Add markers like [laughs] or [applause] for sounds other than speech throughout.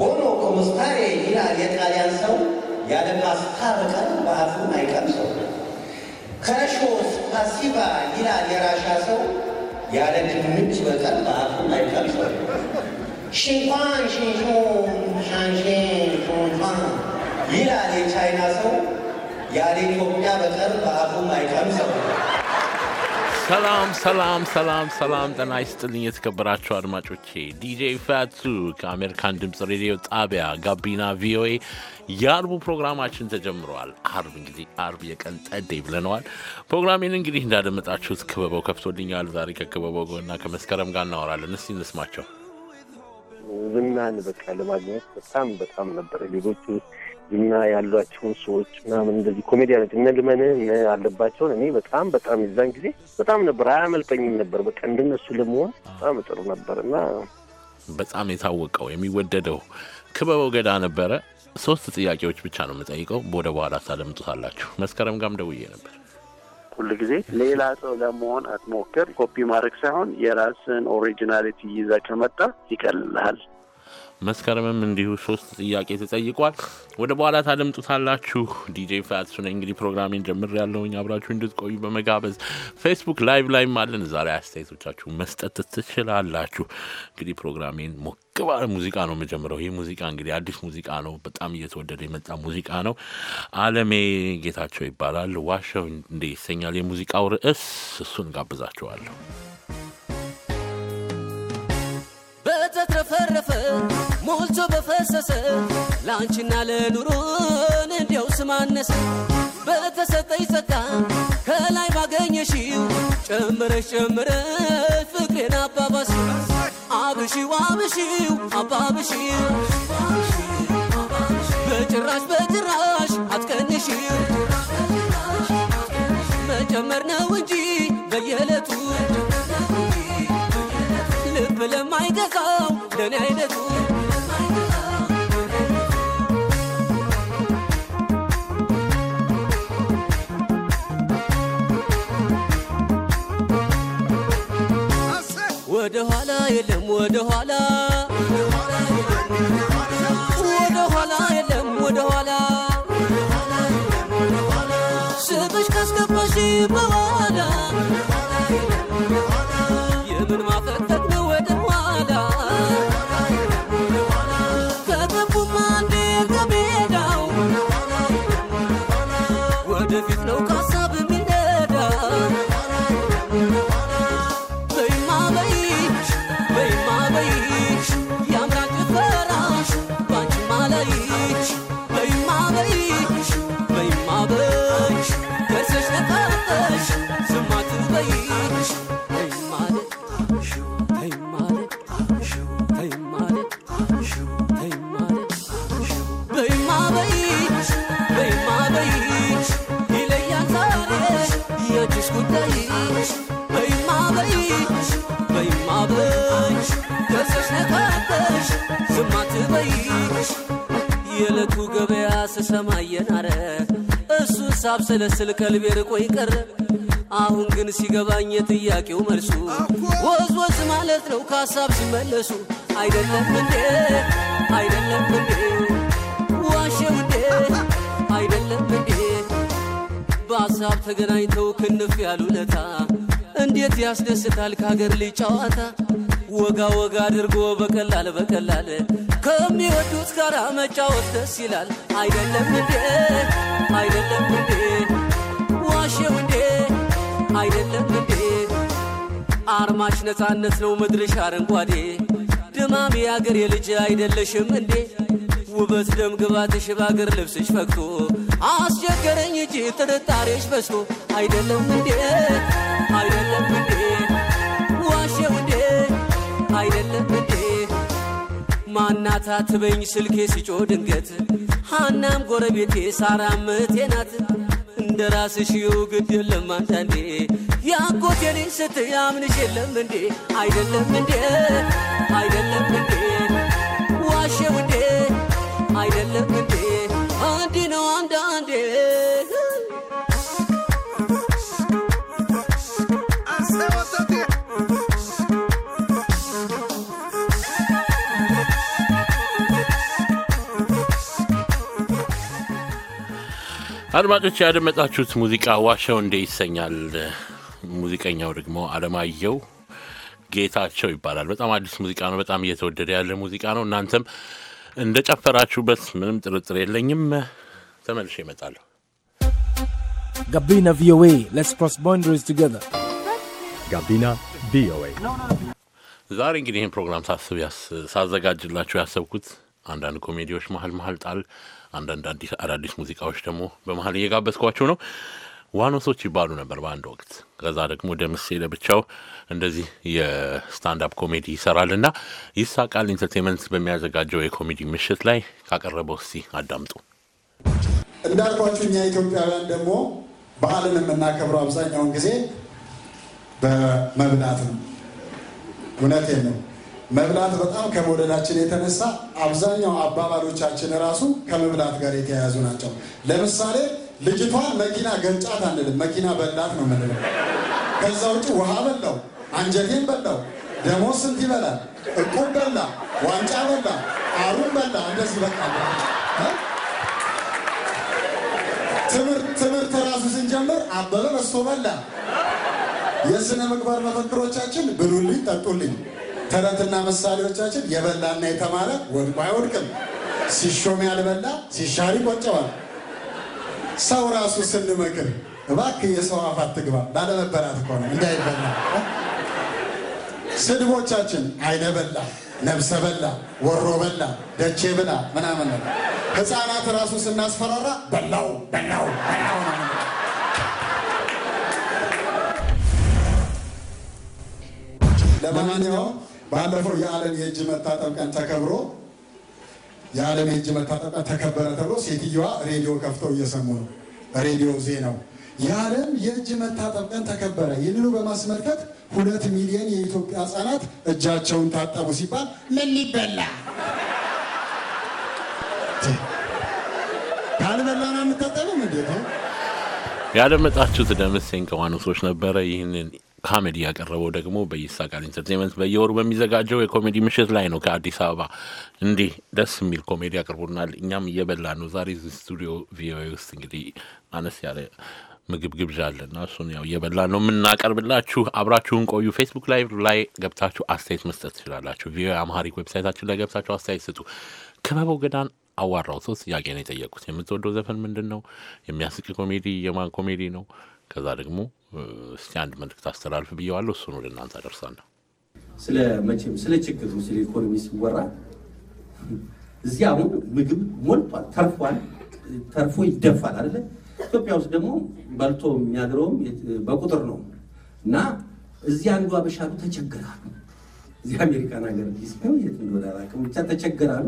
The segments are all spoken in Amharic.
ቦኖ ኮሙስታሬ ይላል የጣሊያን ሰው ያለ ማስታረቀን በአፉም አይቀምሰው። ከሾ ስፓሲባ ይላል የራሻ ሰው ያለ ድንች በቀር በአፉም አይቀምሰው። ሽንኳን ሽንሾ ሻንሽ ሾንኳን ይላል የቻይና ሰው ያለ ኢትዮጵያ በቀር በአፉም አይቀምሰው። ሰላም ሰላም ሰላም ሰላም፣ ጠና ይስጥልኝ የተከበራችሁ አድማጮቼ። ዲጄ ፋቱ ከአሜሪካን ድምፅ ሬዲዮ ጣቢያ ጋቢና ቪኦኤ የአርቡ ፕሮግራማችን ተጀምረዋል። አርብ እንግዲህ አርብ የቀን ጠዴ ብለነዋል። ፕሮግራሜን እንግዲህ እንዳደመጣችሁት ክበበው ከፍቶልኛል። ዛሬ ከክበበው እና ከመስከረም ጋር እናወራለን። እስቲ እንስማቸው። ዝናን በቃ ለማግኘት በጣም በጣም ነበረ ሌሎቹ እና ያሏቸውን ሰዎች ምናምን እንደዚህ ኮሜዲያኖች እነ ልመንህ አለባቸውን እኔ በጣም በጣም የዛን ጊዜ በጣም ነበር አያመልጠኝም ነበር። በቃ እንደነሱ ለመሆን በጣም ጥሩ ነበር እና በጣም የታወቀው የሚወደደው ክበበው ገዳ ነበረ። ሶስት ጥያቄዎች ብቻ ነው የምጠይቀው። ወደ በኋላ ታደምጡታላችሁ። መስከረም ጋም ደውዬ ነበር። ሁል ጊዜ ሌላ ሰው ለመሆን አትሞክር። ኮፒ ማድረግ ሳይሆን የራስን ኦሪጂናሊቲ ይዘህ ከመጣ ይቀልልሃል። መስከረምም እንዲሁ ሶስት ጥያቄ ተጠይቋል። ወደ በኋላ ታደምጡታላችሁ። ዲጄ ፋትሱ ነኝ። እንግዲህ ፕሮግራሜን ጀምር ያለውኝ አብራችሁ እንድትቆዩ በመጋበዝ ፌስቡክ ላይቭ ላይም አለን። ዛሬ አስተያየቶቻችሁ መስጠት ትችላላችሁ። እንግዲህ ፕሮግራሜን ሞክ ሙዚቃ ነው የምጀምረው። ይህ ሙዚቃ እንግዲህ አዲስ ሙዚቃ ነው። በጣም እየተወደደ የመጣ ሙዚቃ ነው። አለሜ ጌታቸው ይባላል። ዋሻው እንዴ ይሰኛል የሙዚቃው ርዕስ። እሱን ጋብዛችኋለሁ። በተትረፈረፈ ሞልቶ በፈሰሰ ለአንቺና ለኑሮን እንዲያው ስማነሰ በተሰጠኝ ጸጋ ከላይ ባገኘሽው ጨምረሽ ጨምረሽ ፍቅሬን አባባሲ። አብሽው አብሺው አባብሺ በጭራሽ በጭራሽ አትቀንሽው መጨመር ነው እንጂ በየዕለቱ ልብ ለማይገዛው ለእኔ አይነቱ ወደ ኋላ የለም ወደ ኋላ ወደ ኋላ የለም ወደ ኋላ ስምሽ ካስገባሽ በኋላ ስል ከልቤ ርቆ ይቀረ አሁን ግን ሲገባኝ የጥያቄው መልሱ ወዝ ወዝ ማለት ነው ከሀሳብ ሲመለሱ አይደለም እንዴ አይደለም እንዴ ዋሸ እንዴ አይደለም እንዴ በሀሳብ ተገናኝተው ክንፍ ያሉለታ እንዴት ያስደስታል ከሀገር ልጅ ጨዋታ ወጋ ወጋ አድርጎ በቀላል በቀላል ከሚወዱት ጋር መጫወት ደስ ይላል አይደለም እንዴ አይደለም እንዴ ዋሸው እንዴ? አይደለም እንዴ? አርማሽ ነፃነት ነው፣ ምድርሽ አረንጓዴ። ድማም የአገር የልጅ አይደለሽም እንዴ? ውበት ደም ግባትሽ በአገር ልብስሽ ፈግቶ አስቸገረኝ እጅ ጥርጣሬሽ በዝቶ አይደለም እንዴ? አይደለም እንዴ? ዋሸው እንዴ? አይደለም እንዴ? ማናታ ትበኝ ስልኬ ሲጮ ድንገት ሐናም ጎረቤቴ ሳራም ቴናት እንደ ራስሽ ግድ የለም አንዳንዴ ያጎቴ እኔን ስትያምንሽ የለም እንዴ አይደለም እንዴ አይደለም እንዴ ዋሸው እንዴ አይደለም እንዴ አንዲ ነው አንዳንዴ አድማጮች ያደመጣችሁት ሙዚቃ ዋሻው እንዴ ይሰኛል። ሙዚቀኛው ደግሞ አለማየሁ ጌታቸው ይባላል። በጣም አዲስ ሙዚቃ ነው። በጣም እየተወደደ ያለ ሙዚቃ ነው። እናንተም እንደጨፈራችሁበት ምንም ጥርጥር የለኝም። ተመልሼ እመጣለሁ። ጋቢና ቪኦኤ ሌትስ ክሮስ ቦንደሪስ ቱጌዘር። ጋቢና ቪኦኤ። ዛሬ እንግዲህ ይህን ፕሮግራም ሳስብ ሳዘጋጅላችሁ ያሰብኩት አንዳንድ ኮሜዲዎች መሀል መሀል ጣል አንዳንድ አዳዲስ ሙዚቃዎች ደግሞ በመሀል እየጋበዝኳቸው ነው። ዋኖሶች ይባሉ ነበር በአንድ ወቅት። ከዛ ደግሞ ደምሴ ለብቻው እንደዚህ የስታንዳፕ ኮሜዲ ይሰራልና ይሳቃል ኢንተርቴንመንት በሚያዘጋጀው የኮሜዲ ምሽት ላይ ካቀረበው እስቲ አዳምጡ። እንዳልኳችሁ እኛ ኢትዮጵያውያን ደግሞ ባህልን የምናከብረው አብዛኛውን ጊዜ በመብላት ነው። እውነቴን ነው። መብላት በጣም ከመውደዳችን የተነሳ አብዛኛው አባባሎቻችን ራሱ ከመብላት ጋር የተያያዙ ናቸው። ለምሳሌ ልጅቷን መኪና ገንጫት አንልም፣ መኪና በላት ነው የምንለው። ከዛ ውጭ ውሃ በላው፣ አንጀቴን በላው፣ ደሞ ስንት ይበላል፣ እቁብ በላ፣ ዋንጫ በላ፣ አሩን በላ፣ እንደዚህ በቃ ትምህርት ራሱ ስንጀምር አበበ በስቶ በላ። የሥነ ምግባር መፈክሮቻችን ብሉልኝ፣ ጠጡልኝ ተረትና ምሳሌዎቻችን የበላና የተማረ ወድቆ አይወድቅም። ሲሾም ያልበላ ሲሻር ይቆጨዋል። ሰው ራሱ ስንመክር እባክህ የሰው አፍ አትግባ ባለመበላት እኮ ነው እንዳይበላ። ስድቦቻችን አይነ በላ፣ ነብሰ በላ፣ ወሮ በላ፣ ደቼ ብላ ምናምን ነው። ህፃናት ራሱ ስናስፈራራ በላው በላው በላው ነው ለማንኛውም ባለፈው የዓለም የእጅ መታጠብ ቀን ተከብሮ የዓለም የእጅ መታጠብ ቀን ተከበረ ተብሎ ሴትዮዋ ሬዲዮ ከፍተው እየሰሙ ነው። ሬዲዮ ዜናው የዓለም የእጅ መታጠብ ቀን ተከበረ፣ ይህንኑ በማስመልከት ሁለት ሚሊዮን የኢትዮጵያ ህጻናት እጃቸውን ታጠቡ ሲባል ምን ሊበላ ካልበላና የምታጠብም እንዴት ነው? ደምስ ደምሴን ከዋኖሶች ነበረ ይህንን ካሜዲ ያቀረበው ደግሞ በይሳቃል ኢንተርቴንመንት በየወሩ በሚዘጋጀው የኮሜዲ ምሽት ላይ ነው። ከአዲስ አበባ እንዲህ ደስ የሚል ኮሜዲ አቅርቦናል። እኛም እየበላ ነው። ዛሬ ስቱዲዮ ቪኦኤ ውስጥ እንግዲህ አነስ ያለ ምግብ ግብዣ አለና እሱን ያው እየበላ ነው የምናቀርብላችሁ። አብራችሁን ቆዩ። ፌስቡክ ላይ ላይ ገብታችሁ አስተያየት መስጠት ትችላላችሁ። ቪኦኤ አማሪክ ዌብሳይታችን ላይ ገብታችሁ አስተያየት ስጡ። ክበበው ገዳን አዋራው ሶስት ጥያቄ ነው የጠየቁት። የምትወደው ዘፈን ምንድን ነው? የሚያስቅ ኮሜዲ የማን ኮሜዲ ነው? ከዛ ደግሞ እስቲ አንድ መልእክት አስተላልፍ ብየዋለሁ። እሱን ወደ እናንተ አደርሳለሁ። ስለ መቼም ስለ ችግሩ ስለ ኢኮኖሚ ሲወራ እዚያ አሁን ምግብ ሞልቷል፣ ተርፏል፣ ተርፎ ይደፋል አይደለ? ኢትዮጵያ ውስጥ ደግሞ በልቶ የሚያድረውም በቁጥር ነው እና እዚህ አንዱ አበሻሉ ተቸገራሉ። እዚህ አሜሪካን ሀገር ዲስ ነው የት እንደሆነ አላውቅም፣ ብቻ ተቸገራሉ።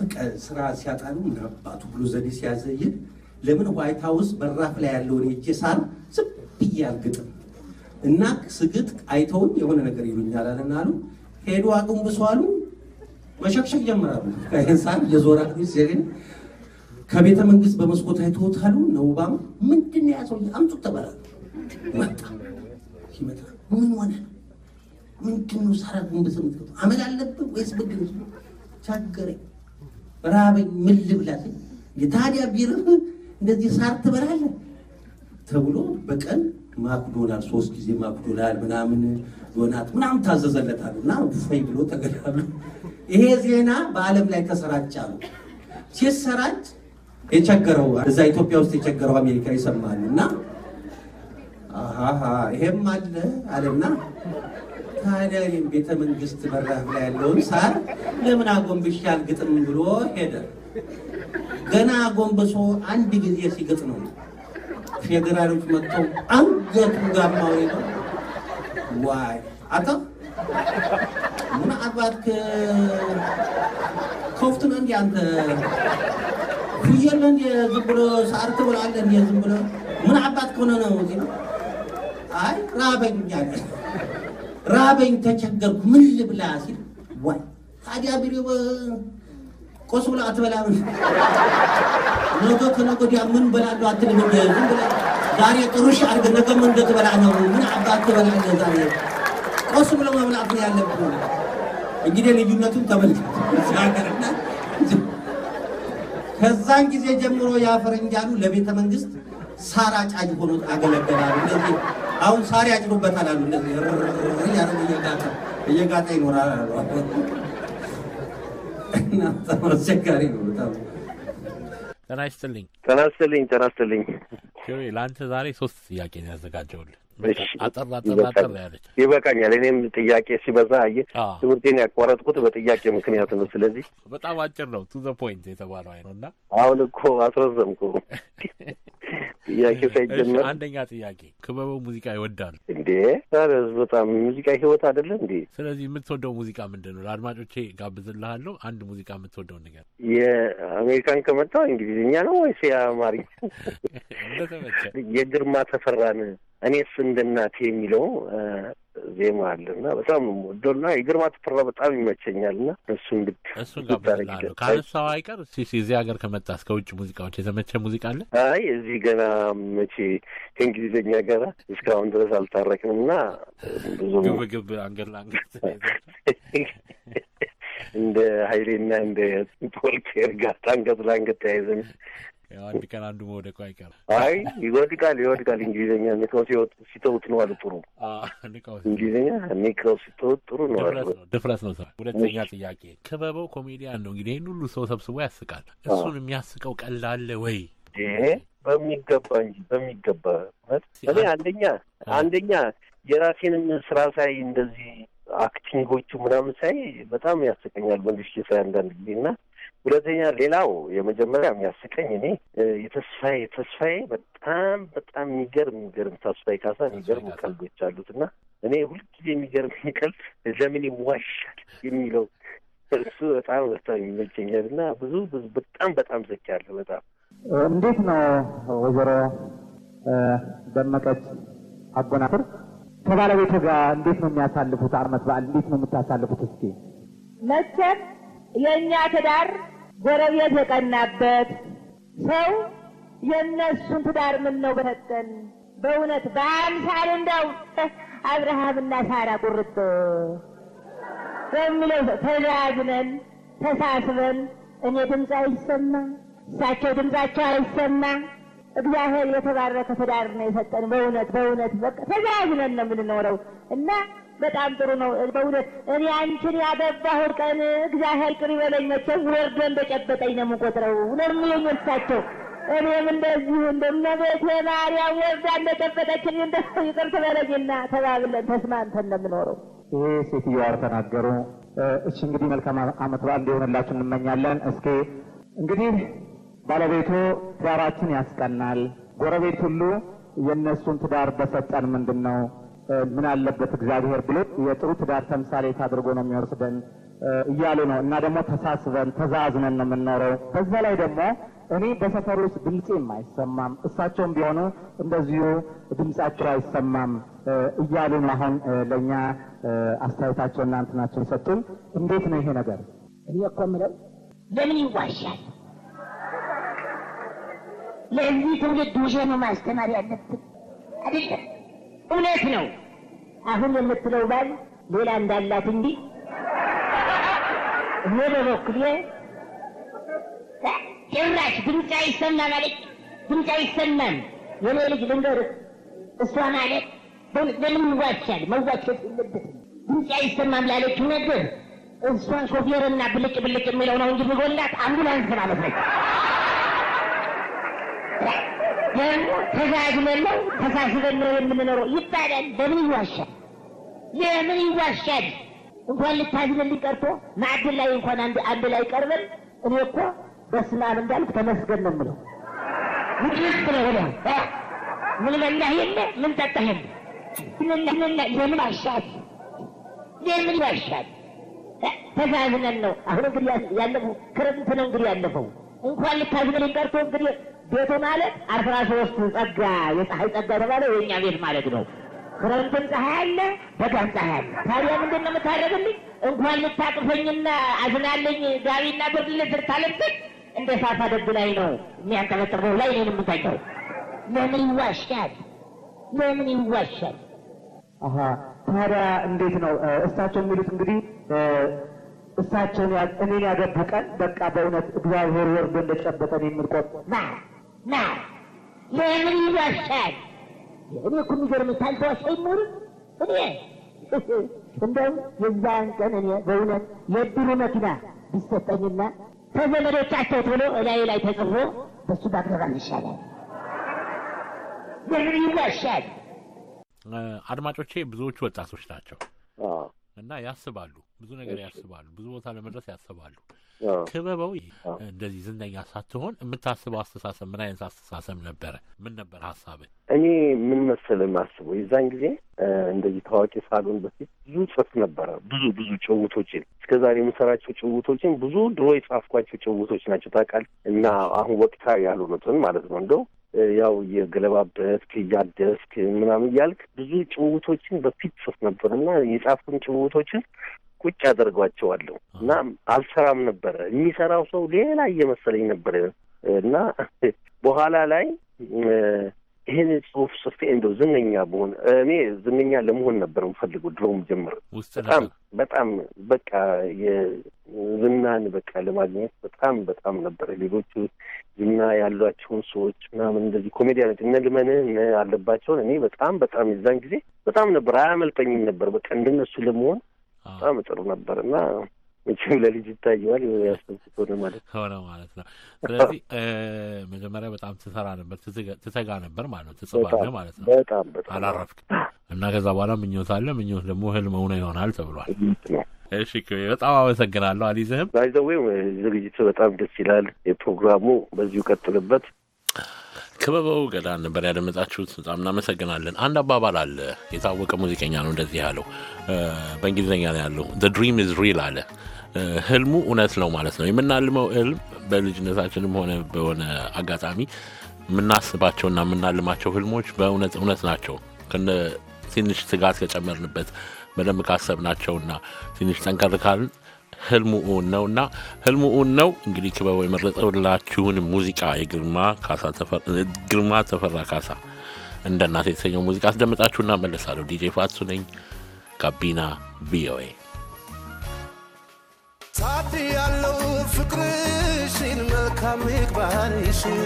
በቃ ስራ ሲያጣሉ አባቱ ብሎ ዘዴ ሲያዘይል ለምን ዋይት ሀውስ በራፍ ላይ ያለውን እጄ ሳር ዝም ብዬ አልግጥም እና ስግጥ አይተውን የሆነ ነገር ይሉኛል አለና አሉ ሄዱ አቅንብሶ አሉ መሸክሸክ ጀምራሉ። ከህንሳን የዞራ ከቤተ መንግስት በመስኮት አይተውት አሉ እነ ኦባማ ምንድን ነው ያሰው ተባላሉ። መጣ ሲመጣ ምን ሆነ ምንድን ነው ሳራ ጉንብስ ምትገ አመል አለብህ ወይስ ብድር ቻገረኝ፣ ራበኝ፣ ምን ልብላት? የታዲያ ቢርህ እንደዚህ ሳር ትበላለህ ተብሎ በቀን ማክዶናል ሶስት ጊዜ ማክዶናል ምናምን ዶናት ምናምን ታዘዘለታሉ እና ፈይ ብሎ ተገዳሉ። ይሄ ዜና በዓለም ላይ ተሰራጭ አሉ። ሲሰራጭ የቸገረው እዛ ኢትዮጵያ ውስጥ የቸገረው አሜሪካ ይሰማል እና ይሄም አለ አለና ታዲያ ቤተ መንግስት በራፍ ላይ ያለውን ሳር ለምን አጎንብሻል ግጥም ብሎ ሄደ። ገና ጎንበሶ አንድ ጊዜ ሲገጥ ነው ፌዴራሎች መጥተው አንገቱ ጋማው ነው። ዋይ አቶ ምናልባት ከፍት ነው እንዲ አንተ ፍየል ነው እንዲ ዝም ብሎ ሳር ትበላለህ እንዲ ዝም ብሎ ምን አባት ከሆነ ነው እዚ አይ ራበኝ ያለ ራበኝ ተቸገርኩ ምን ልብላ ሲል ዋይ ታዲያ ቢሮ ቁስ ብላ አትበላም። ነገ ከነገ ወዲያ ምን በላለሁ አትልም። ዛሬ ጥሩሽ አድርገህ ነገ ምን እንደትበላ ነው። ምን አባ ትበላለህ ዛሬ? ቁስ ብሎ መብላት ነው ያለብህ። እንግዲህ ልዩነቱን ተመልከት። ከዛን ጊዜ ጀምሮ ያ ፈረንጃሉ ለቤተ መንግስት ሳር አጫጅ ሆኖ አገለገላሉ። እነዚህ አሁን ሳር ያጭዱበታል አሉ። እነዚህ እየጋጠ ይኖራል አሉ። እናንተ አስቸጋሪ ነው በጣም። ጤና ይስጥልኝ። ጤና ይስጥልኝ። ጤና ይስጥልኝ። ለአንተ ዛሬ ሶስት ጥያቄ ነው ያዘጋጀውልህ። አጠር አጠር አጠር ያለች ይበቃኛል። እኔም ጥያቄ ሲበዛ አየ ትምህርቴን ያቋረጥኩት በጥያቄ ምክንያት ነው። ስለዚህ በጣም አጭር ነው፣ ቱ ዘ ፖይንት የተባለው አይነው እና አሁን እኮ አስረዘምኩ። [laughs] ጥያቄ ሳይጀመር አንደኛ ጥያቄ ክበበው ሙዚቃ ይወዳል እንዴ? ኧረ በጣም ሙዚቃ ህይወት አይደለ እንዴ? ስለዚህ የምትወደው ሙዚቃ ምንድን ነው? ለአድማጮቼ ጋብዝልሃለሁ። አንድ ሙዚቃ የምትወደው ነገር። የአሜሪካን ከመጣው እንግሊዝኛ ነው ወይስ የአማሪ? [laughs] የግርማ ተፈራን እኔስ እንደናቴ የሚለው ዜማ አለ እና በጣም ወዶና የግርማ ተፈራ በጣም ይመቸኛል እና እሱ እንግዲህ እሱን ከአነሳው አይቀር እዚህ ሀገር ከመጣ እስከ ውጭ ሙዚቃዎች የተመቸ ሙዚቃ አለ? አይ እዚህ ገና መቼ ከእንግሊዝኛ ጋራ እስካሁን ድረስ አልታረቅም እና ብዙ ግብግብ አንገት ለአንገት [laughs] እንደ ሀይሌና እንደ ፖልቴር ጋር አንገት ለአንገት ተያይዘን አንድ ቀን አንዱ መውደቁ አይቀርም። አይ ይወድቃል፣ ይወድቃል። እንግሊዝኛ ንቀው ሲተውት ነው አሉ። ጥሩ እንግሊዝኛ ንቀው ሲተውት ጥሩ ነው ድፍረት ነው ስራ። ሁለተኛ ጥያቄ ክበበው ኮሜዲያን ነው እንግዲህ ይህን ሁሉ ሰው ሰብስቦ ያስቃል። እሱን የሚያስቀው ቀላለ ወይ? በሚገባ እንጂ በሚገባ እኔ አንደኛ አንደኛ የራሴንም ስራ ሳይ እንደዚህ አክቲንጎቹ ምናምን ሳይ በጣም ያስቀኛል። መንግስት ስራ አንዳንድ ጊዜ እና ሁለተኛ ሌላው የመጀመሪያ የሚያስቀኝ እኔ የተስፋዬ ተስፋዬ በጣም በጣም የሚገርም የሚገርም ተስፋዬ ካሳ የሚገርም ቀልዶች አሉት እና እኔ ሁልጊዜ የሚገርም ቀልድ ለምን ይዋሻል የሚለው እሱ በጣም በጣም ይመቸኛል እና ብዙ ብዙ በጣም በጣም ዘኪያለሁ። በጣም እንዴት ነው ወይዘሮ ደመቀች አጎናፍር ከባለቤቱ ጋር እንዴት ነው የሚያሳልፉት? አመት በዓል እንዴት ነው የምታሳልፉት? እስኪ መቼም የእኛ ትዳር ጎረቤት የቀናበት ሰው የእነሱን ትዳር ምን ነው በሰጠን በእውነት በአምሳል እንዳው አብርሃምና ሳራ ቁርጥ በሚለው ተያዝነን ተሳስበን እኔ ድምፅ አይሰማ እሳቸው ድምፃቸው አይሰማ እግዚአብሔር የተባረከ ትዳር ነው የሰጠን። በእውነት በእውነት በቃ ተያዝነን ነው የምንኖረው እና በጣም ጥሩ ነው። በእውነት እኔ አንቺን ያገባሁት ቀን እግዚአብሔር ቅር ይበለኝ። መቼም ወርዶ እንደጨበጠኝ ነው የምቆጥረው። እውነት ምለኝ እርሳቸው እኔም እንደዚሁ እንደመቤቴ ማርያም ወርዳ እንደጨበጠችኝ እንደ ይቅር ትበለኝና ተባብለን ተስማምተን ነው የምኖረው። ይህ ሴትዮዋ ተናገሩ። እሺ እንግዲህ መልካም አመት በዓል እንዲሆንላችሁ እንመኛለን። እስኪ እንግዲህ ባለቤቱ ትዳራችን ያስቀናል፣ ጎረቤት ሁሉ የእነሱን ትዳር በሰጠን ምንድን ነው ምን አለበት እግዚአብሔር ብሎ የጥሩ ትዳር ተምሳሌት አድርጎ ነው የሚወስደን እያሉ ነው። እና ደግሞ ተሳስበን ተዛዝነን ነው የምንኖረው። በዛ ላይ ደግሞ እኔ በሰፈር ውስጥ ድምፄም አይሰማም፣ እሳቸውም ቢሆኑ እንደዚሁ ድምፃቸው አይሰማም እያሉ ነው። አሁን ለእኛ አስተያየታቸው እናንት ናቸው የሰጡን። እንዴት ነው ይሄ ነገር? እኔ እኮ የምለው ለምን ይዋሻል? ለዚህ ትውልድ ውሸት ነው ማስተማር ያለብን አይደለም። እውነት ነው። አሁን የምትለው ባል ሌላ እንዳላት እንዲ እኔ በበኩሌ ጭራሽ ድምፅ አይሰማም ማለት ድምፅ አይሰማም የኔ ልጅ ልንገርህ፣ እሷ ማለት በምን ይዋሻል? መዋቸት የለበትም። ድምፅ አይሰማም ላለችው ነገር እሷ ሾፌርና ብልጭ ብልጭ የሚለው ነው እንጂ ሚጎላት አምቡላንስ ማለት ነች። ተዛዝመን ነው ተሳስበን ነው የምንኖረው ይባላል። በምን ይዋሻል? የምን ይዋሻል? እንኳን ልታዝነን ሊቀርቶ ማዕድ ላይ እንኳን አንድ አንድ ላይ ቀርበን እኔ እኮ በስመ አብ እንዳልክ ተመስገን ነው የምለው ነው ስለሆነ ምን በላህ የለ ምን ጠጣህ የለ ለምን አሻል ለምን ይዋሻል? ተዛዝነን ነው። አሁን እንግዲህ ያለፈው ክረምት ነው እንግዲህ ያለፈው እንኳን ልታዝነን ቀርቶ እንግዲህ ቤቱ ማለት አስራ ሶስቱ ጸጋ የፀሐይ ጸጋ የተባለ የእኛ ቤት ማለት ነው። ክረምትም ፀሐይ አለ፣ በጋም ፀሐይ አለ። ታዲያ ምንድን ነው የምታደርግልኝ? እንኳን ልታቅፈኝና አዝናለኝ ጋቢና ብርድ ልብስ እንደ ሳፋ ደግ ላይ ነው የሚያንጠበጥበው ላይ እኔን የምታኛው። ለምን ይዋሻል? ለምን ይዋሻል? ታዲያ እንዴት ነው እሳቸው የሚሉት? እንግዲህ እሳቸውን እኔን ያገቡ ቀን በቃ በእውነት እግዚአብሔር ወርዶ እንደጨበጠን የምንቆጥ ና ለምን ይዋሻል? እኔ እኮ የሚገርምህ አይኖርም። እኔ እንደውም የዛን ቀን እኔ በእውነት የድሩ መኪና ቢሰጠኝና ቶሎ ላይ ተጽፎ በሱ ይሻላል። ለምን አድማጮቼ ብዙዎቹ ወጣቶች ናቸው እና ያስባሉ፣ ብዙ ነገር ያስባሉ፣ ብዙ ቦታ ለመድረስ ያስባሉ። ክበበው እንደዚህ ዝነኛ ሳትሆን የምታስበው አስተሳሰብ ምን አይነት አስተሳሰብ ነበረ? ምን ነበር ሀሳብ? እኔ ምን መሰለህ ማስበው የዛን ጊዜ እንደዚህ ታዋቂ ሳልሆን በፊት ብዙ ጽፍ ነበረ። ብዙ ብዙ ጭውቶችን እስከዛሬ የምሰራቸው ጭውቶችን ብዙ ድሮ የጻፍኳቸው ጭውቶች ናቸው ታውቃለህ። እና አሁን ወቅታዊ ያልሆኑትን ማለት ነው እንደው ያው እየገለባበስክ እያደስክ ምናምን እያልክ ብዙ ጭውቶችን በፊት ጽፍ ነበር እና የጻፍኩን ጭውቶችን ቁጭ አደርጓቸዋለሁ እና አልሰራም ነበረ። የሚሰራው ሰው ሌላ እየመሰለኝ ነበረ እና በኋላ ላይ ይህን ጽሁፍ ጽፌ እንደው ዝነኛ በሆነ እኔ ዝነኛ ለመሆን ነበር የምፈልገው ድሮም ጀምር በጣም በጣም በቃ የዝናን በቃ ለማግኘት በጣም በጣም ነበረ። ሌሎቹ ዝና ያሏቸውን ሰዎች ምናምን እንደዚህ ኮሜዲያኖች እነ ልመንህ አለባቸውን እኔ በጣም በጣም የዛን ጊዜ በጣም ነበር አያመልጠኝም ነበር በቃ እንደነሱ ለመሆን በጣም ጥሩ ነበር እና መቼም ለልጅ ይታየዋል ያስበኩት ሆነ ማለት ሆነ ማለት ነው። ስለዚህ መጀመሪያ በጣም ትሰራ ነበር ትተጋ ነበር ማለት ነው። ትጽፋለህ ማለት ነው። በጣም በጣም አላረፍክም እና ከዛ በኋላ ምኞት አለ። ምኞት ደግሞ ህልም እውን ይሆናል ተብሏል። እሺ በጣም አመሰግናለሁ። አሊዝህም ባይዘዌ ዝግጅቱ በጣም ደስ ይላል። የፕሮግራሙ በዚሁ ቀጥልበት። ክበበው ገዳ ነበር ያደመጣችሁት። በጣም እናመሰግናለን። አንድ አባባል አለ፣ የታወቀ ሙዚቀኛ ነው እንደዚህ ያለው፣ በእንግሊዝኛ ነው ያለው። ዘ ድሪም ኢዝ ሪል አለ፣ ህልሙ እውነት ነው ማለት ነው። የምናልመው ህልም በልጅነታችንም ሆነ በሆነ አጋጣሚ የምናስባቸውና የምናልማቸው ህልሞች በእውነት እውነት ናቸው ትንሽ ስጋት ከጨመርንበት በደንብ ካሰብናቸውና ትንሽ ጠንከር ካልን ህልሙ እውን ነው እና ህልሙ እውን ነው እንግዲህ ክበቡ የመረጠላችሁን ሙዚቃ የግርማ ተፈራ ካሳ እንደ እናት የተሰኘው ሙዚቃ አስደምጣችሁ እናመለሳለሁ። ዲጄ ፋሱ ነኝ። ጋቢና ቪኦኤ ሳት ያለው ፍቅርሽን መልካም ምግባርሽን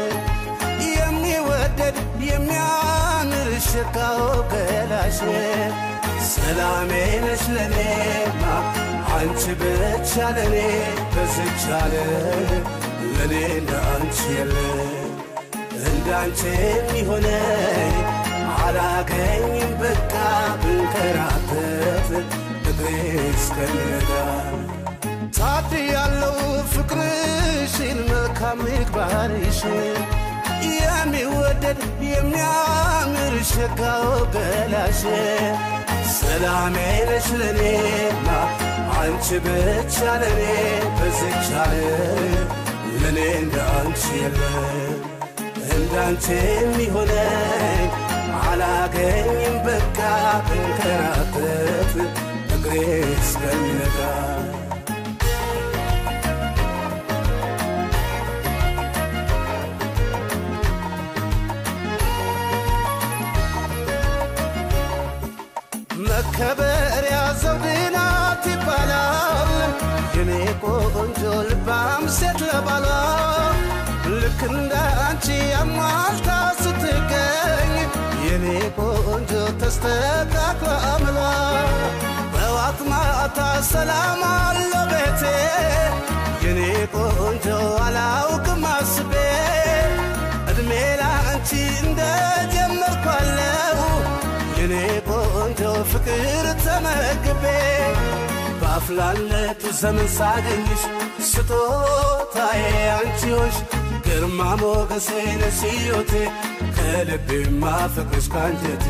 የሚወደድ የሚያምር ሽካው ገላሽ ሰላሜ ነሽ ለኔማ አንቺ ብቻ ለኔ በዝቻለ ለኔ ለአንቺ የለ እንዳንቺ የሚሆነ አላገኝም በቃ ብንከራተት እግሬ እስከሚረዳ ታድ ያለው ፍቅርሽን መልካም ምግባርሽን የሚወደድ የሚያምር ሸጋው በላሽ ሰላሜ ነሽ ለኔ አንቺ ብቻ ለኔ በዝቻ ለኔ እንደ አንቺ የለ እንዳንቺ የሚሆነኝ አላገኝም በቃ ብንከራተት እግሬ እስከሚነጋ ያዘው ዘውድና ቆንጆ ልባም ሴት ለባሏ ልክ እንደ አንቺ አሟልታ ስትገኝ የኔ ቆንጆ ተስተካክሎ አምሏ ጠዋት ማታ ሰላም አለ ቤቴ የኔ ቆንጆ አላውቅም አስቤ እድሜ ላንቺ እንደጀመርኳለው የኔ ቆንጆ ፍቅር ተመግቤ አፍላለቱ ዘመን ሳገኝሽ ስጦታዬ አንቺዎች ግርማ ሞገሴ ነሽ ከልቤ ማፈቅርሽ ካንጀቴ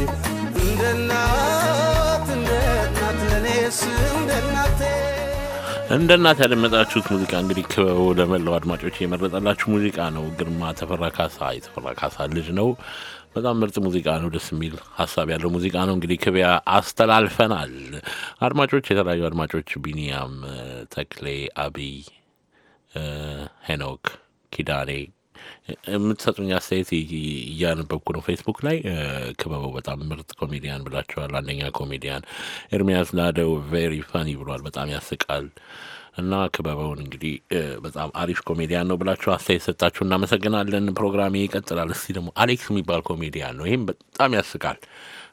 እንደ እናት እንደ ለኔስ እንደ እንደ እናት ያደመጣችሁት ሙዚቃ እንግዲህ ክበቡ ለመላው አድማጮች የመረጠላችሁ ሙዚቃ ነው። ግርማ ተፈራ ካሳ ልጅ ነው። በጣም ምርጥ ሙዚቃ ነው። ደስ የሚል ሀሳብ ያለው ሙዚቃ ነው። እንግዲህ ክቢያ አስተላልፈናል። አድማጮች፣ የተለያዩ አድማጮች ቢኒያም ተክሌ፣ አብይ፣ ሄኖክ ኪዳኔ የምትሰጡኝ አስተያየት እያነበብኩ ነው። ፌስቡክ ላይ ክበበው በጣም ምርጥ ኮሜዲያን ብላችኋል። አንደኛ ኮሜዲያን ኤርሚያስ ናደው ቬሪ ፈኒ ብሏል። በጣም ያስቃል። እና ክበበውን እንግዲህ በጣም አሪፍ ኮሜዲያን ነው ብላችሁ አስተያየት ሰጣችሁ፣ እናመሰግናለን። ፕሮግራሜ ይቀጥላል። እስቲ ደግሞ አሌክስ የሚባል ኮሜዲያን ነው፣ ይህም በጣም ያስቃል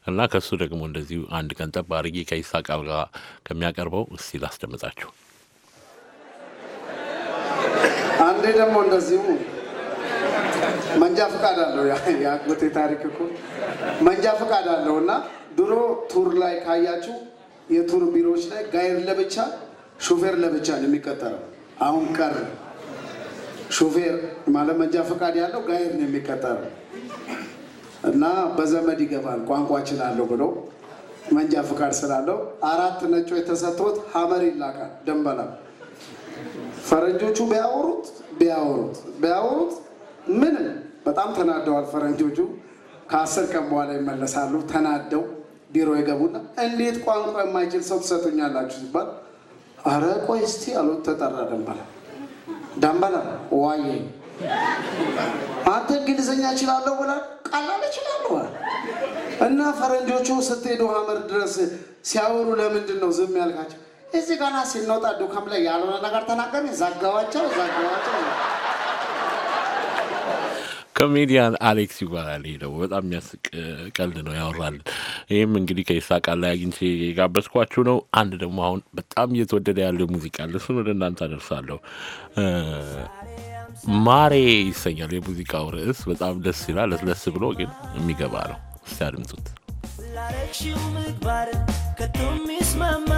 እና ከእሱ ደግሞ እንደዚሁ አንድ ቀን ጠብ አድርጌ ከይሳቅ አብርሃ ከሚያቀርበው እስቲ ላስደምጣችሁ። አንዴ ደግሞ እንደዚሁ መንጃ ፈቃድ አለው የአጎቴ ታሪክ እኮ መንጃ ፈቃድ አለው እና ድሮ ቱር ላይ ካያችሁ የቱር ቢሮዎች ላይ ጋይር ለብቻ ሹፌር ለብቻ ነው የሚቀጠረው። አሁን ቀር ሹፌር ማለት መንጃ ፈቃድ ያለው ጋይድ ነው የሚቀጠረው እና በዘመድ ይገባል ቋንቋ ችላለሁ ብሎ መንጃ ፈቃድ ስላለው አራት ነጮች ተሰጥቶት ሀመር ይላካል ደንበላ። ፈረንጆቹ ቢያወሩት ቢያወሩት ቢያወሩት ምንም በጣም ተናደዋል ፈረንጆቹ። ከአስር ቀን በኋላ ይመለሳሉ ተናደው ቢሮ ይገቡና እንዴት ቋንቋ የማይችል ሰው ትሰጡኛላችሁ ሲባል አረ ቆይ እስቲ አሉት። ተጠራ ደንበላ ደንበላ ዋየ አንተ እንግሊዝኛ እችላለሁ ብላ ቀላል እችላለሁ እና ፈረንጆቹ ስትሄዱ ሀመር ድረስ ሲያወሩ ለምንድን ነው ዝም ያልካቸው? እዚህ ገና ሲንወጣ ዱካም ላይ ያልሆነ ነገር ተናገርን። ዘጋዋቸው ዘጋዋቸው ኮሜዲያን አሌክስ ይባላል። ይሄ ደግሞ በጣም የሚያስቅ ቀልድ ነው ያወራልን። ይህም እንግዲህ ከይሳቅ ላይ አግኝቼ የጋበዝኳችሁ ነው። አንድ ደግሞ አሁን በጣም እየተወደደ ያለው ሙዚቃ አለ። እሱን ወደ እናንተ አደርሳለሁ። ማሬ ይሰኛል የሙዚቃው ርዕስ። በጣም ደስ ይላል። ለስለስ ብሎ ግን የሚገባ ነው። እስቲ አድምጡት። ስላረግሽው ምግባር ከቶ ይስማማ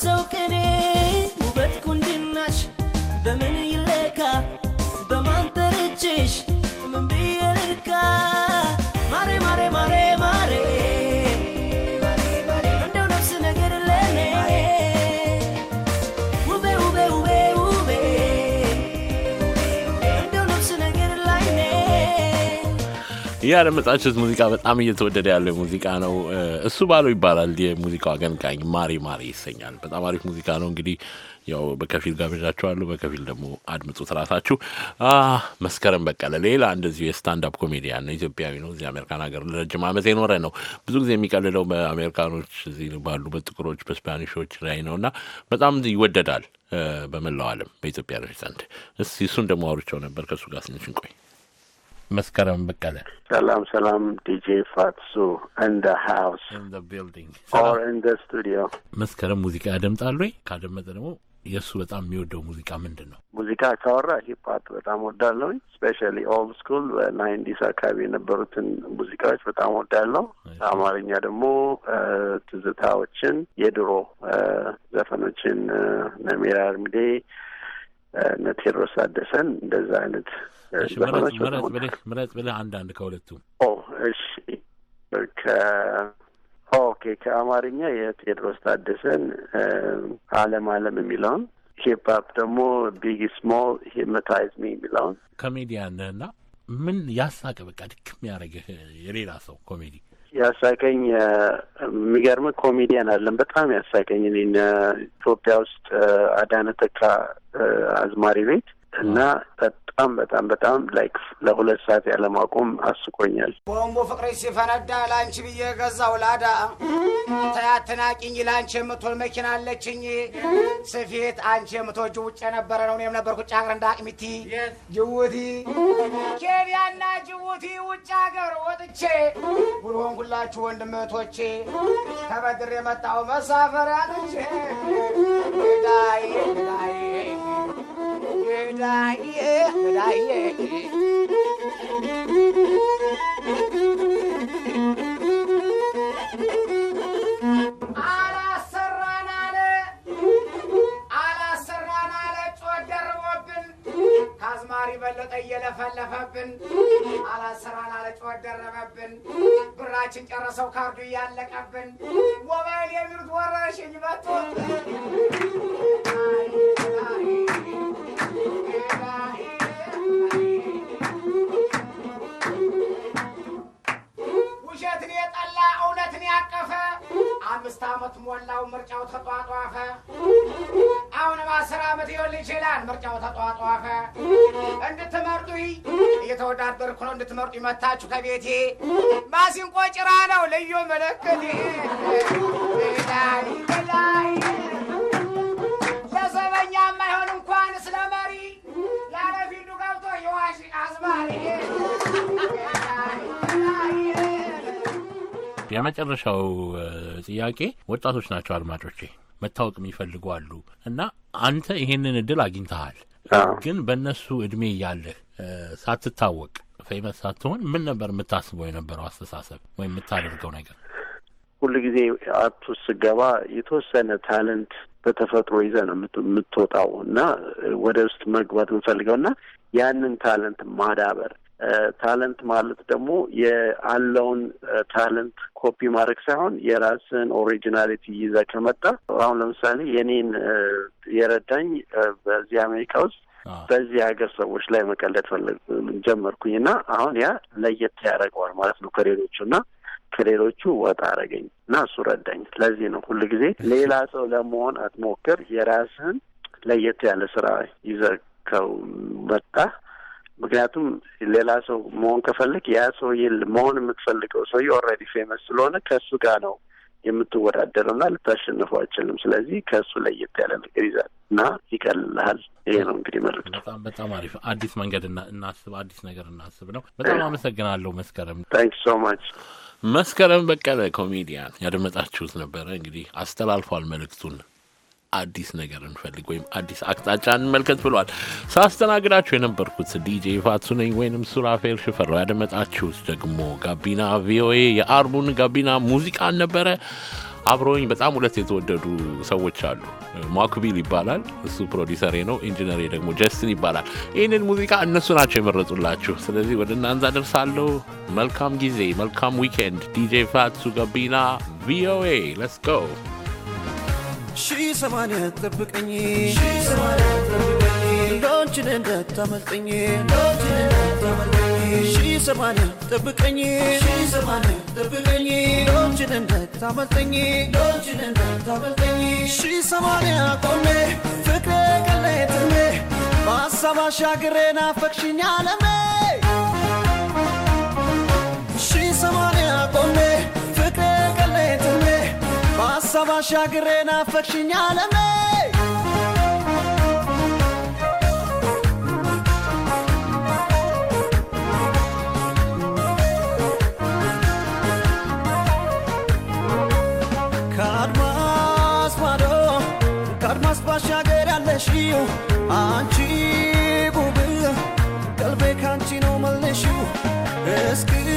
ሰው ከኔ ውበት ቁንጅናሽ በምን ይለካ በማን ተርቼሽ ያደመጣችሁት ሙዚቃ በጣም እየተወደደ ያለው ሙዚቃ ነው። እሱ ባለው ይባላል። የሙዚቃው አቀንቃኝ ማሬ ማሬ ይሰኛል። በጣም አሪፍ ሙዚቃ ነው። እንግዲህ ያው በከፊል ጋብዣችኋለሁ፣ በከፊል ደግሞ አድምጡት ራሳችሁ። መስከረም በቀለ ሌላ እንደዚሁ የስታንዳፕ ኮሜዲያን ነው። ኢትዮጵያዊ ነው። እዚህ አሜሪካን ሀገር ለረጅም ዓመት የኖረ ነው። ብዙ ጊዜ የሚቀልለው በአሜሪካኖች እዚህ ባሉ በጥቁሮች በስፓኒሾች ላይ ነው እና በጣም ይወደዳል በመላው ዓለም በኢትዮጵያ ዘንድ። እሱን ደግሞ አውርቼው ነበር ከእሱ ጋር ስንችን ቆይ መስከረም በቀለ። ሰላም ሰላም፣ ዲጄ ፋትሱ እንደ ሃውስ እንደ ቢልዲንግ ኦር እንደ ስቱዲዮ። መስከረም ሙዚቃ ያደምጣሉ ወይ? ካደመጠ ደግሞ የእሱ በጣም የሚወደው ሙዚቃ ምንድን ነው? ሙዚቃ ካወራ ሂፓት በጣም ወዳለሁ። ስፔሻሊ ኦልድ ስኩል በናይንዲስ አካባቢ የነበሩትን ሙዚቃዎች በጣም ወዳለሁ። አማርኛ ደግሞ ትዝታዎችን፣ የድሮ ዘፈኖችን ነሚራ እርምዴ፣ እነ ቴዎድሮስ እንደዛ አይነት ምረጥ ብልህ ምረጥ ብልህ አንድ ከሁለቱ። ኦ እሺ፣ ኦኬ ከአማርኛ የቴዎድሮስ ታደሰን አለም አለም የሚለውን ሂፕ ደግሞ ቢግ ስሞል ሂፕኖታይዝ ሚ የሚለውን ኮሜዲያን ነህና ምን ያሳቀ በቃ ድክ ያደረግህ የሌላ ሰው ኮሜዲ ያሳቀኝ የሚገርም ኮሜዲያን አለን በጣም ያሳቀኝ እኔን ኢትዮጵያ ውስጥ አዳነ ተካ አዝማሪ ቤት እና በጣም በጣም በጣም ላይክ ለሁለት ሰዓት ያለማቆም አስቆኛል። ቦምቡ ፍቅሬ ሲፈነዳ ለአንቺ ብዬ ገዛው ላዳ ተያትናቂኝ ለአንቺ የምትሆን መኪና አለችኝ ስፌት አንቺ የምትወጅ ውጭ የነበረ ነው እኔም ነበርኩ ውጭ ሀገር እንደ አቅሚቲ ጅቡቲ፣ ኬንያና ጅቡቲ ውጭ ሀገር ወጥቼ ጉልሆን ሁላችሁ ወንድምቶቼ ተበድር የመጣው መሳፈር ልቼ ዳይ ዳይ እዳዬ እዳዬ አላሰራን በለጠ እየለፈለፈብን አላሰራን አለ ጮት ደረበብን ብራችን ጨረሰው ካርዱ እያለቀብን ሞባይል የሚሉት ወረርሽኝ መጥቶ ውሸትን የጠላ እውነትን ያቀፈ አምስት ዓመት ሞላው ምርጫው ተጧጧፈ። አሁን አስር ዓመት ይሆን ይችላል ምርጫው ተጧጧፈ። እንድትመርጡ እየተወዳደርኩ ነው እንድትመርጡ ይመታችሁ ከቤቴ ማሲንቆ ጭራ ነው ልዩ ምልክት የመጨረሻው ጥያቄ ወጣቶች ናቸው አድማጮቼ፣ መታወቅ የሚፈልጉ አሉ እና አንተ ይሄንን እድል አግኝተሃል። ግን በእነሱ እድሜ እያለህ ሳትታወቅ ፌመስ ሳትሆን ምን ነበር የምታስበው የነበረው አስተሳሰብ ወይም የምታደርገው ነገር? ሁሉ ጊዜ አርቱ ስገባ የተወሰነ ታለንት በተፈጥሮ ይዘ ነው የምትወጣው እና ወደ ውስጥ መግባት የምፈልገው እና ያንን ታለንት ማዳበር ታለንት ማለት ደግሞ የአለውን ታለንት ኮፒ ማድረግ ሳይሆን የራስን ኦሪጂናሊቲ ይዘህ ከመጣ አሁን ለምሳሌ የኔን የረዳኝ በዚህ አሜሪካ ውስጥ በዚህ ሀገር ሰዎች ላይ መቀለድ ፈለግ ጀመርኩኝ እና አሁን ያ ለየት ያደረገዋል ማለት ነው ከሌሎቹ እና ከሌሎቹ ወጣ አረገኝ እና እሱ ረዳኝ። ለዚህ ነው ሁሉ ጊዜ ሌላ ሰው ለመሆን አትሞክር፣ የራስህን ለየት ያለ ስራ ይዘህ ከመጣህ ምክንያቱም ሌላ ሰው መሆን ከፈለግ ያ ሰውዬ መሆን የምትፈልገው ሰውዬ ኦልሬዲ ፌመስ ስለሆነ ከእሱ ጋር ነው የምትወዳደረው እና ልታሸንፈው አይችልም። ስለዚህ ከእሱ ለየት ያለ ነገር ይዛል እና ይቀልልሃል። ይሄ ነው እንግዲህ መልዕክቱ። በጣም በጣም አሪፍ አዲስ መንገድ እናስብ፣ አዲስ ነገር እናስብ ነው። በጣም አመሰግናለሁ መስከረም። ታንክ ሶ ማች መስከረም በቀለ ኮሜዲያን ያደመጣችሁት ነበረ። እንግዲህ አስተላልፏል መልእክቱን አዲስ ነገር እንፈልግ ወይም አዲስ አቅጣጫ እንመልከት ብሏል። ሳስተናግዳችሁ የነበርኩት ዲጄ ፋቱ ነኝ ወይንም ሱራፌል ሽፈራው። ያደመጣችሁት ደግሞ ጋቢና ቪኦኤ የአርቡን ጋቢና ሙዚቃን ነበረ። አብረውኝ በጣም ሁለት የተወደዱ ሰዎች አሉ። ማኩቢል ይባላል፣ እሱ ፕሮዲሰሬ ነው። ኢንጂነሬ ደግሞ ጀስትን ይባላል። ይህንን ሙዚቃ እነሱ ናቸው የመረጡላችሁ። ስለዚህ ወደ እናንዛ ደርሳለሁ። መልካም ጊዜ፣ መልካም ዊኬንድ። ዲጄ ፋቱ ጋቢና ቪኦኤ ሌትስ ጎ ሺህ ሰማንያ ጠብቀኝ እንዳንችን እንዳታመልጠኝ ሺ ሰማንያ ጠብቀኝ እንዳንችን እንዳታመልጠኝ ሺ ሰማንያ ቆሜ ፍቅር ቀለትሜ በሀሳብ አሻግሬ ናፈቅሽኝ አለሜ አሻግሬ ናፈቅሽኝ አለሜ ከአድማስ ባሻገር ያለሽው አንቺ ውብ ቀልቤ ካንቺ ነው መልሽው እስኪ